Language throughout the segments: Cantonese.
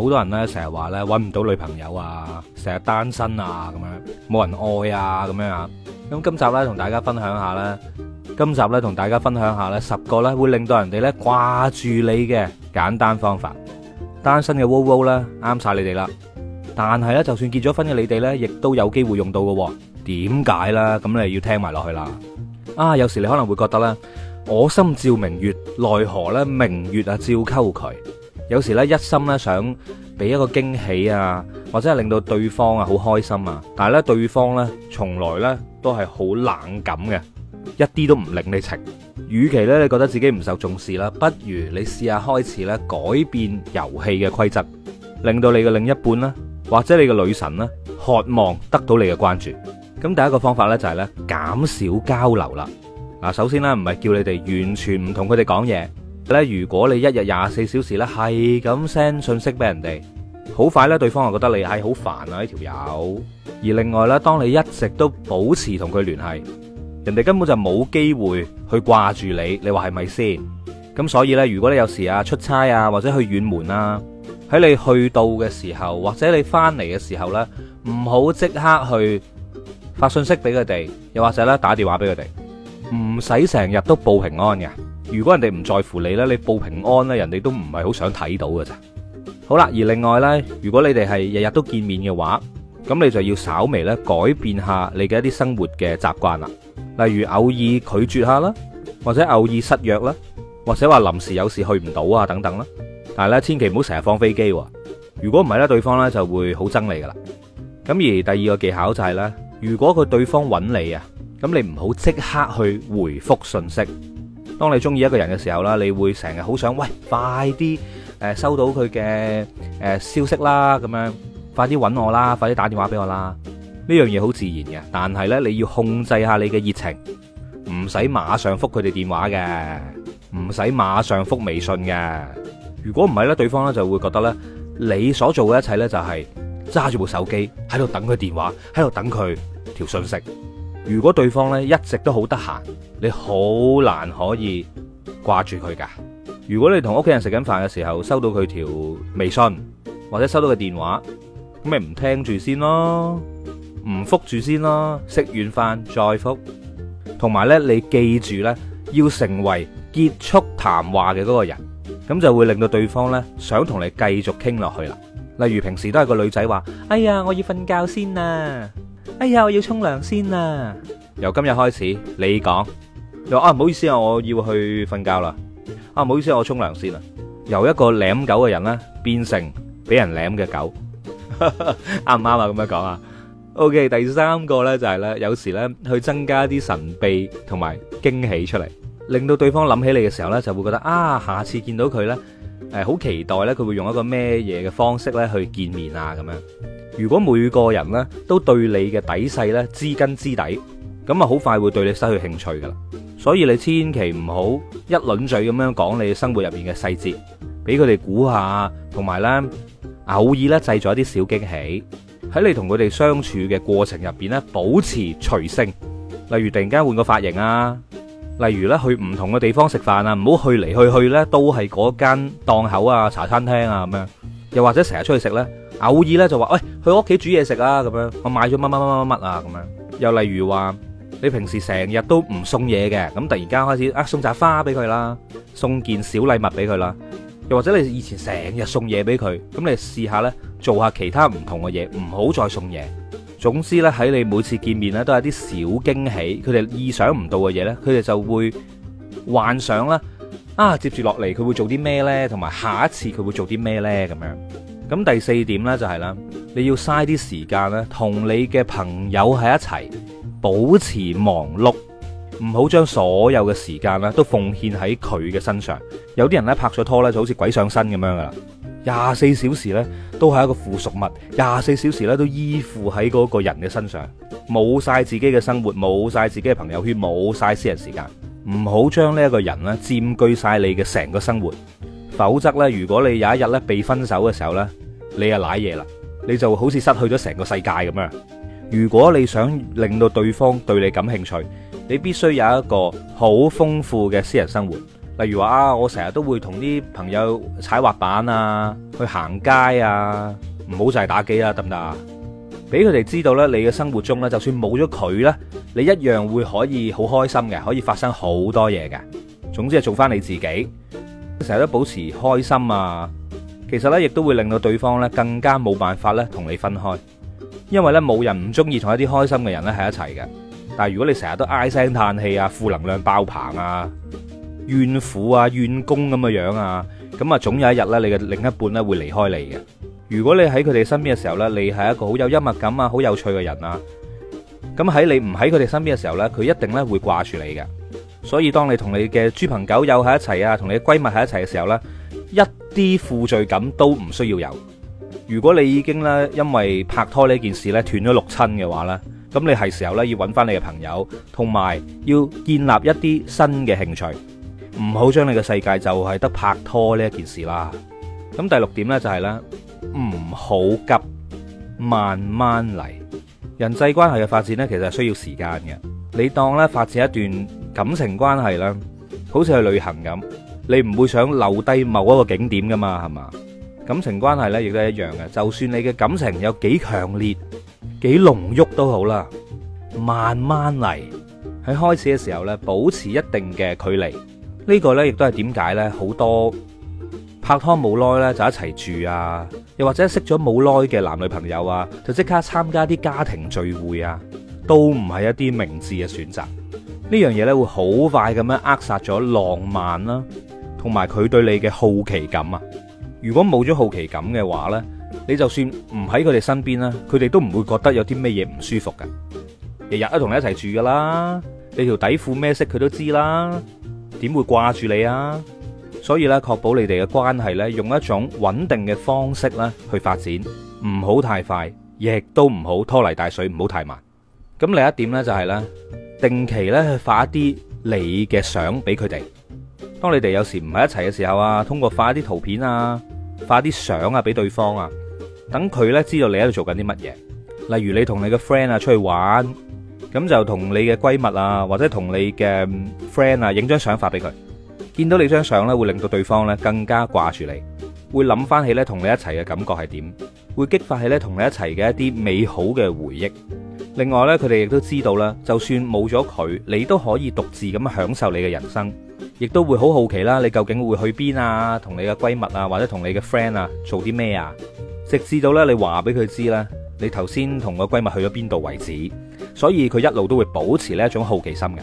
好多人咧成日話咧搵唔到女朋友啊，成日單身啊咁樣，冇人愛啊咁樣啊。咁今集咧同大家分享下咧，今集咧同大家分享下咧，十個咧會令到人哋咧掛住你嘅簡單方法。單身嘅窩窩咧啱晒你哋啦，但係咧就算結咗婚嘅你哋咧，亦都有機會用到㗎喎。點解咧？咁你要聽埋落去啦。啊，有時你可能會覺得咧，我心照明月，奈何咧明月啊照溝渠。有時咧一心咧想俾一個驚喜啊，或者係令到對方啊好開心啊，但係咧對方咧從來咧都係好冷感嘅，一啲都唔領你情。與其咧你覺得自己唔受重視啦，不如你試下開始咧改變遊戲嘅規則，令到你嘅另一半啦，或者你嘅女神啦，渴望得到你嘅關注。咁第一個方法呢，就係咧減少交流啦。嗱，首先呢，唔係叫你哋完全唔同佢哋講嘢。如果你一日廿四小時咧係咁 send 信息俾人哋，好快咧，對方就覺得你係好煩啊呢條友。而另外咧，當你一直都保持同佢聯繫，人哋根本就冇機會去掛住你。你話係咪先？咁所以咧，如果你有時啊出差啊或者去遠門啦，啊，喺你去到嘅時候或者你翻嚟嘅時候呢，唔好即刻去發信息俾佢哋，又或者咧打電話俾佢哋，唔使成日都報平安嘅。如果人哋唔在乎你咧，你報平安咧，人哋都唔係好想睇到㗎咋。好啦，而另外咧，如果你哋係日日都見面嘅話，咁你就要稍微咧改變下你嘅一啲生活嘅習慣啦。例如偶爾拒絕下啦，或者偶爾失約啦，或者話臨時有事去唔到啊等等啦。但係咧，千祈唔好成日放飛機。如果唔係咧，對方咧就會好憎你噶啦。咁而第二個技巧就係咧，如果佢對方揾你啊，咁你唔好即刻去回覆信息。當你中意一個人嘅時候啦，你會成日好想，喂，快啲，誒，收到佢嘅誒消息啦，咁樣，快啲揾我啦，快啲打電話俾我啦。呢樣嘢好自然嘅，但係呢，你要控制下你嘅熱情，唔使馬上覆佢哋電話嘅，唔使馬上覆微信嘅。如果唔係呢，對方呢就會覺得呢，你所做嘅一切呢，就係揸住部手機喺度等佢電話，喺度等佢條信息。如果對方呢一直都好得閒，你好難可以掛住佢噶。如果你同屋企人食緊飯嘅時候收到佢條微信或者收到個電話，咁咪唔聽住先咯，唔復住先咯，食完飯再復。同埋呢，你記住呢要成為結束談話嘅嗰個人，咁就會令到對方呢想同你繼續傾落去啦。例如平時都係個女仔話：「哎呀，我要瞓覺先啊。」哎呀，我要沖涼先啦！由今日開始，你講，啊，唔好意思啊，我要去瞓覺啦，啊，唔好意思啊，我沖涼先啦。由一個舔狗嘅人咧，變成俾人舔嘅狗，啱唔啱啊？咁樣講啊？OK，第三個咧就係咧，有時咧去增加一啲神秘同埋驚喜出嚟，令到對方諗起你嘅時候咧，就會覺得啊，下次見到佢咧，誒，好期待咧，佢會用一個咩嘢嘅方式咧去見面啊？咁樣。如果每個人呢都對你嘅底細呢知根知底，咁啊好快會對你失去興趣噶啦。所以你千祈唔好一輪嘴咁樣講你生活入面嘅細節，俾佢哋估下，同埋呢，偶爾呢製造一啲小驚喜，喺你同佢哋相處嘅過程入邊呢保持隨性，例如突然間換個髮型啊，例如呢去唔同嘅地方食飯啊，唔好去嚟，去去呢，都係嗰間檔口啊、茶餐廳啊咁樣，又或者成日出去食呢。偶爾咧就話：喂，去我屋企煮嘢食啊！咁樣，我買咗乜乜乜乜乜啊！咁樣。又例如話，你平時成日都唔送嘢嘅，咁突然間開始啊，送紮花俾佢啦，送件小禮物俾佢啦。又或者你以前成日送嘢俾佢，咁你試下呢，做下其他唔同嘅嘢，唔好再送嘢。總之呢，喺你每次見面呢，都有啲小驚喜，佢哋意想唔到嘅嘢呢，佢哋就會幻想啦。啊，接住落嚟佢會做啲咩呢？同埋下一次佢會做啲咩呢？咁樣。咁第四點呢，就係啦，你要嘥啲時間咧，同你嘅朋友喺一齊，保持忙碌，唔好將所有嘅時間咧都奉獻喺佢嘅身上。有啲人咧拍咗拖咧就好似鬼上身咁樣噶啦，廿四小時咧都係一個附屬物，廿四小時咧都依附喺嗰個人嘅身上，冇晒自己嘅生活，冇晒自己嘅朋友圈，冇晒私人時間。唔好將呢一個人咧佔據晒你嘅成個生活，否則咧，如果你有一日咧被分手嘅時候咧，你啊，瀨嘢啦，你就好似失去咗成個世界咁樣。如果你想令到對方對你感興趣，你必須有一個好豐富嘅私人生活。例如話啊，我成日都會同啲朋友踩滑板啊，去行街啊，唔好就係打機啦，得唔得啊？俾佢哋知道呢，你嘅生活中呢，就算冇咗佢呢，你一樣會可以好開心嘅，可以發生好多嘢嘅。總之係做翻你自己，成日都保持開心啊！其實咧，亦都會令到對方咧更加冇辦法咧同你分開，因為咧冇人唔中意同一啲開心嘅人咧喺一齊嘅。但係如果你成日都唉聲嘆氣啊，負能量爆棚啊，怨婦啊，怨公咁嘅樣啊，咁啊，總有一日咧，你嘅另一半咧會離開你嘅。如果你喺佢哋身邊嘅時候咧，你係一個好有幽默感啊，好有趣嘅人啊。咁喺你唔喺佢哋身邊嘅時候咧，佢一定咧會掛住你嘅。所以當你同你嘅豬朋狗友喺一齊啊，同你閨蜜喺一齊嘅時候咧，一。啲負罪感都唔需要有。如果你已經咧因為拍拖呢件事咧斷咗六親嘅話咧，咁你係時候咧要揾翻你嘅朋友，同埋要建立一啲新嘅興趣，唔好將你嘅世界就係得拍拖呢一件事啦。咁第六點呢，就係咧，唔好急，慢慢嚟。人際關係嘅發展呢，其實係需要時間嘅。你當咧發展一段感情關係啦，好似去旅行咁。你唔會想留低某一個景點噶嘛，係嘛？感情關係呢亦都一樣嘅。就算你嘅感情有幾強烈、幾濃郁都好啦，慢慢嚟。喺開始嘅時候呢，保持一定嘅距離。呢個呢亦都係點解呢，好多拍拖冇耐呢，就一齊住啊，又或者識咗冇耐嘅男女朋友啊，就即刻參加啲家庭聚會啊，都唔係一啲明智嘅選擇。呢樣嘢呢，會好快咁樣扼殺咗浪漫啦。同埋佢對你嘅好奇感啊！如果冇咗好奇感嘅話呢，你就算唔喺佢哋身邊啦，佢哋都唔會覺得有啲咩嘢唔舒服噶。日日都同你一齊住噶啦，你條底褲咩色佢都知啦，點會掛住你啊？所以咧，確保你哋嘅關係呢，用一種穩定嘅方式咧去發展，唔好太快，亦都唔好拖泥帶水，唔好太慢。咁另一點呢、就係，就係呢定期咧發一啲你嘅相俾佢哋。當你哋有時唔喺一齊嘅時候啊，通過發啲圖片啊、發啲相啊俾對方啊，等佢呢知道你喺度做緊啲乜嘢。例如你同你嘅 friend 啊出去玩，咁就同你嘅閨蜜啊或者同你嘅 friend 啊影張相發俾佢，見到你張相呢，會令到對方呢更加掛住你，會諗翻起呢同你一齊嘅感覺係點，會激發起呢同你一齊嘅一啲美好嘅回憶。另外呢，佢哋亦都知道啦，就算冇咗佢，你都可以獨自咁享受你嘅人生。亦都會好好奇啦，你究竟會去邊啊？同你嘅閨蜜啊，或者同你嘅 friend 啊，做啲咩啊？直至到呢，你話俾佢知啦，你頭先同個閨蜜去咗邊度為止。所以佢一路都會保持呢一種好奇心嘅。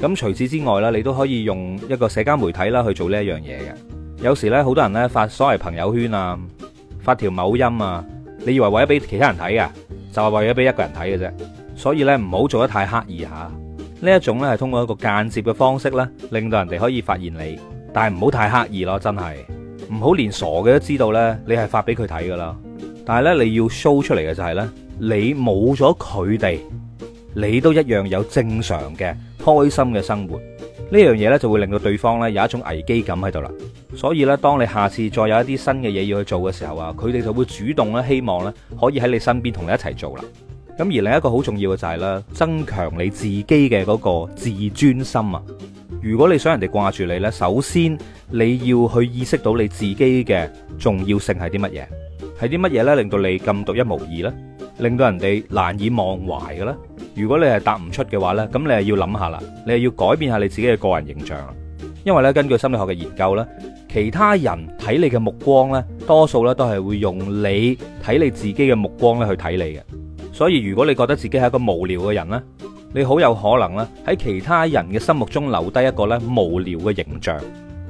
咁除此之外呢，你都可以用一個社交媒體啦去做呢一樣嘢嘅。有時呢，好多人呢，發所謂朋友圈啊，發條某音啊，你以為為咗俾其他人睇啊？就係為咗俾一個人睇嘅啫。所以呢，唔好做得太刻意吓。呢一種咧係通過一個間接嘅方式呢，令到人哋可以發現你，但係唔好太刻意咯，真係唔好連傻嘅都知道呢，你係發俾佢睇㗎啦。但係呢、就是，你要 show 出嚟嘅就係呢：你冇咗佢哋，你都一樣有正常嘅開心嘅生活。呢樣嘢呢，就會令到對方呢有一種危機感喺度啦。所以呢，當你下次再有一啲新嘅嘢要去做嘅時候啊，佢哋就會主動咧希望呢可以喺你身邊同你一齊做啦。咁而另一個好重要嘅就係咧，增強你自己嘅個自尊心啊！如果你想人哋掛住你咧，首先你要去意識到你自己嘅重要性係啲乜嘢，係啲乜嘢咧令到你咁獨一無二咧，令到人哋難以忘懷嘅咧？如果你係答唔出嘅話咧，咁你係要諗下啦，你係要改變下你自己嘅個人形象。因為咧，根據心理學嘅研究咧，其他人睇你嘅目光咧，多數咧都係會用你睇你自己嘅目光咧去睇你嘅。所以如果你覺得自己係一個無聊嘅人咧，你好有可能咧喺其他人嘅心目中留低一個咧無聊嘅形象。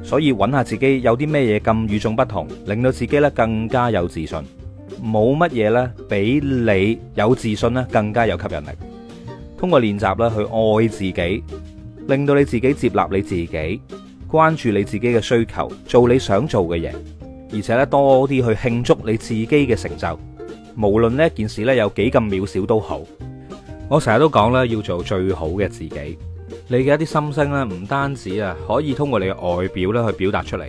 所以揾下自己有啲咩嘢咁與眾不同，令到自己咧更加有自信。冇乜嘢咧比你有自信咧更加有吸引力。通過練習咧去愛自己，令到你自己接納你自己，關注你自己嘅需求，做你想做嘅嘢，而且咧多啲去慶祝你自己嘅成就。無論呢一件事咧有幾咁渺小都好，我成日都講咧要做最好嘅自己。你嘅一啲心聲咧，唔單止啊，可以通過你嘅外表咧去表達出嚟。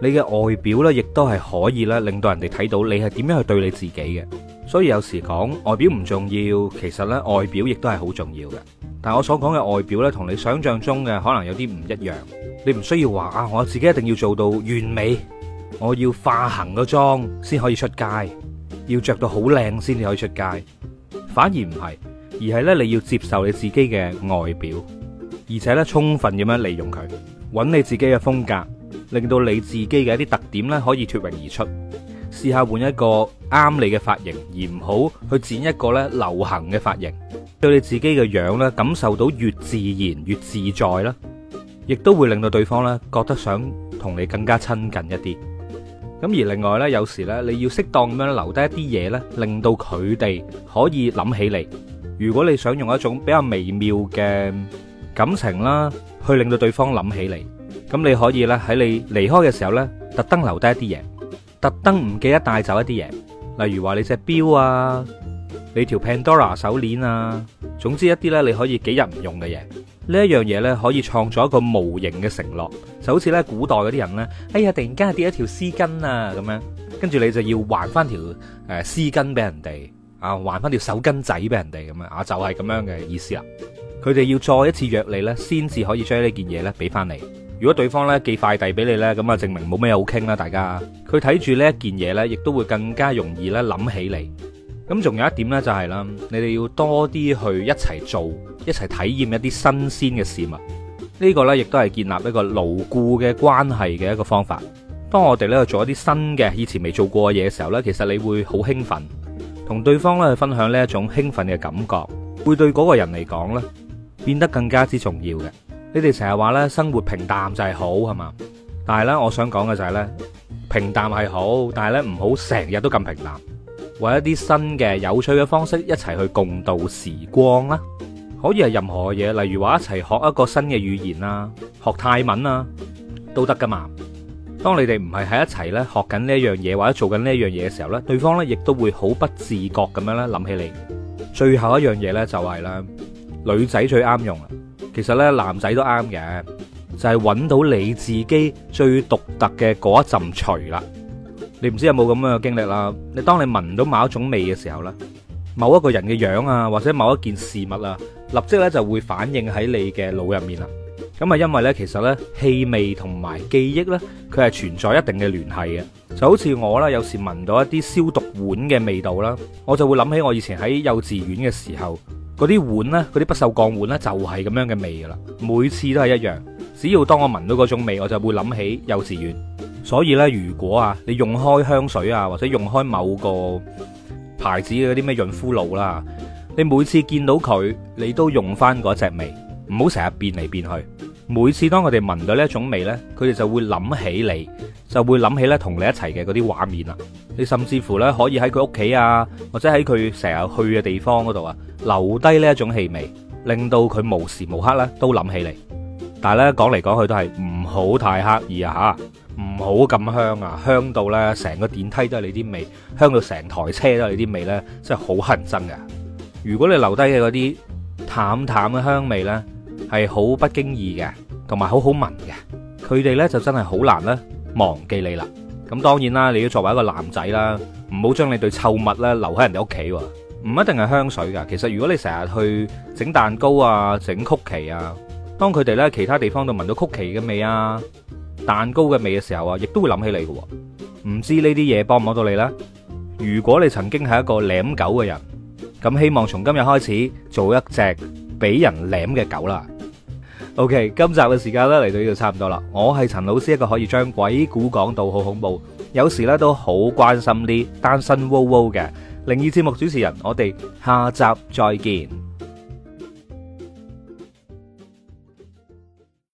你嘅外表咧，亦都係可以咧令到人哋睇到你係點樣去對你自己嘅。所以有時講外表唔重要，其實咧外表亦都係好重要嘅。但係我所講嘅外表咧，同你想象中嘅可能有啲唔一樣。你唔需要話啊，我自己一定要做到完美，我要化行個妝先可以出街。要着到好靚先至可以出街，反而唔係，而係咧你要接受你自己嘅外表，而且咧充分咁樣利用佢，揾你自己嘅風格，令到你自己嘅一啲特點咧可以脫穎而出。試下換一個啱你嘅髮型，而唔好去剪一個咧流行嘅髮型，對你自己嘅樣咧感受到越自然越自在啦，亦都會令到對方咧覺得想同你更加親近一啲。咁而另外呢，有時呢，你要適當咁樣留低一啲嘢呢，令到佢哋可以諗起你。如果你想用一種比較微妙嘅感情啦，去令到對方諗起你，咁你可以呢，喺你離開嘅時候呢，特登留低一啲嘢，特登唔記得帶走一啲嘢，例如話你隻表啊，你條 Pandora 手鏈啊，總之一啲呢，你可以幾日唔用嘅嘢。呢一樣嘢咧，可以創造一個無形嘅承諾，就好似咧古代嗰啲人呢，哎呀，突然間跌一條絲巾啊，咁樣，跟住你就要還翻條誒絲巾俾人哋啊，還翻條手巾仔俾人哋咁啊，就係、是、咁樣嘅意思啦。佢哋要再一次約你呢，先至可以將呢件嘢咧俾翻你。如果對方咧寄快遞俾你呢，咁啊，證明冇咩好傾啦、啊，大家。佢睇住呢一件嘢呢，亦都會更加容易咧諗起你。咁仲有一點呢，就係啦，你哋要多啲去一齊做，一齊體驗一啲新鮮嘅事物。呢個呢，亦都係建立一個牢固嘅關係嘅一個方法。當我哋呢做一啲新嘅、以前未做過嘅嘢嘅時候呢，其實你會好興奮，同對方呢去分享呢一種興奮嘅感覺，會對嗰個人嚟講呢，變得更加之重要嘅。你哋成日話呢，生活平淡就係好係嘛？但係呢，我想講嘅就係呢，平淡係好，但係呢，唔好成日都咁平淡。搵一啲新嘅有趣嘅方式一齊去共度時光啦，可以係任何嘅嘢，例如話一齊學一個新嘅語言啦，學泰文啊，都得噶嘛。當你哋唔係喺一齊咧學緊呢一樣嘢或者做緊呢一樣嘢嘅時候咧，對方咧亦都會好不自覺咁樣咧諗起你。最後一樣嘢咧就係啦，女仔最啱用啦，其實咧男仔都啱嘅，就係搵到你自己最獨特嘅嗰一陣錘啦。你唔知有冇咁樣嘅經歷啦？你當你聞到某一種味嘅時候呢，某一個人嘅樣啊，或者某一件事物啊，立即呢就會反應喺你嘅腦入面啦。咁啊，因為呢，其實呢，氣味同埋記憶呢，佢係存在一定嘅聯繫嘅。就好似我啦，有時聞到一啲消毒碗嘅味道啦，我就會諗起我以前喺幼稚園嘅時候嗰啲碗呢，嗰啲不鏽鋼碗呢，就係咁樣嘅味噶啦，每次都係一樣。只要當我聞到嗰種味，我就會諗起幼稚園。所以咧，如果啊，你用開香水啊，或者用開某個牌子嘅啲咩潤膚露啦，你每次見到佢，你都用翻嗰隻味，唔好成日變嚟變去。每次當佢哋聞到呢一種味呢，佢哋就會諗起你，就會諗起咧同你一齊嘅嗰啲畫面啦。你甚至乎呢，可以喺佢屋企啊，或者喺佢成日去嘅地方嗰度啊，留低呢一種氣味，令到佢無時無刻咧都諗起你。但係咧，講嚟講去都係唔好太刻意啊！吓。唔好咁香啊！香到呢，成個電梯都係你啲味，香到成台車都係你啲味呢，真係好乞人憎嘅。如果你留低嘅嗰啲淡淡嘅香味呢，係好不經意嘅，同埋好好聞嘅，佢哋呢就真係好難呢，忘記你啦。咁當然啦，你要作為一個男仔啦，唔好將你對臭物呢留喺人哋屋企。唔一定係香水噶，其實如果你成日去整蛋糕啊、整曲奇啊，當佢哋呢其他地方度聞到曲奇嘅味啊。蛋糕嘅味嘅時候啊，亦都會諗起你嘅。唔知幫呢啲嘢幫唔幫到你咧？如果你曾經係一個舔狗嘅人，咁希望從今日開始做一隻俾人舔嘅狗啦。OK，今集嘅時間呢，嚟到呢度差唔多啦。我係陳老師，一個可以將鬼故講到好恐怖，有時呢都好關心啲單身汪汪嘅靈異節目主持人。我哋下集再見。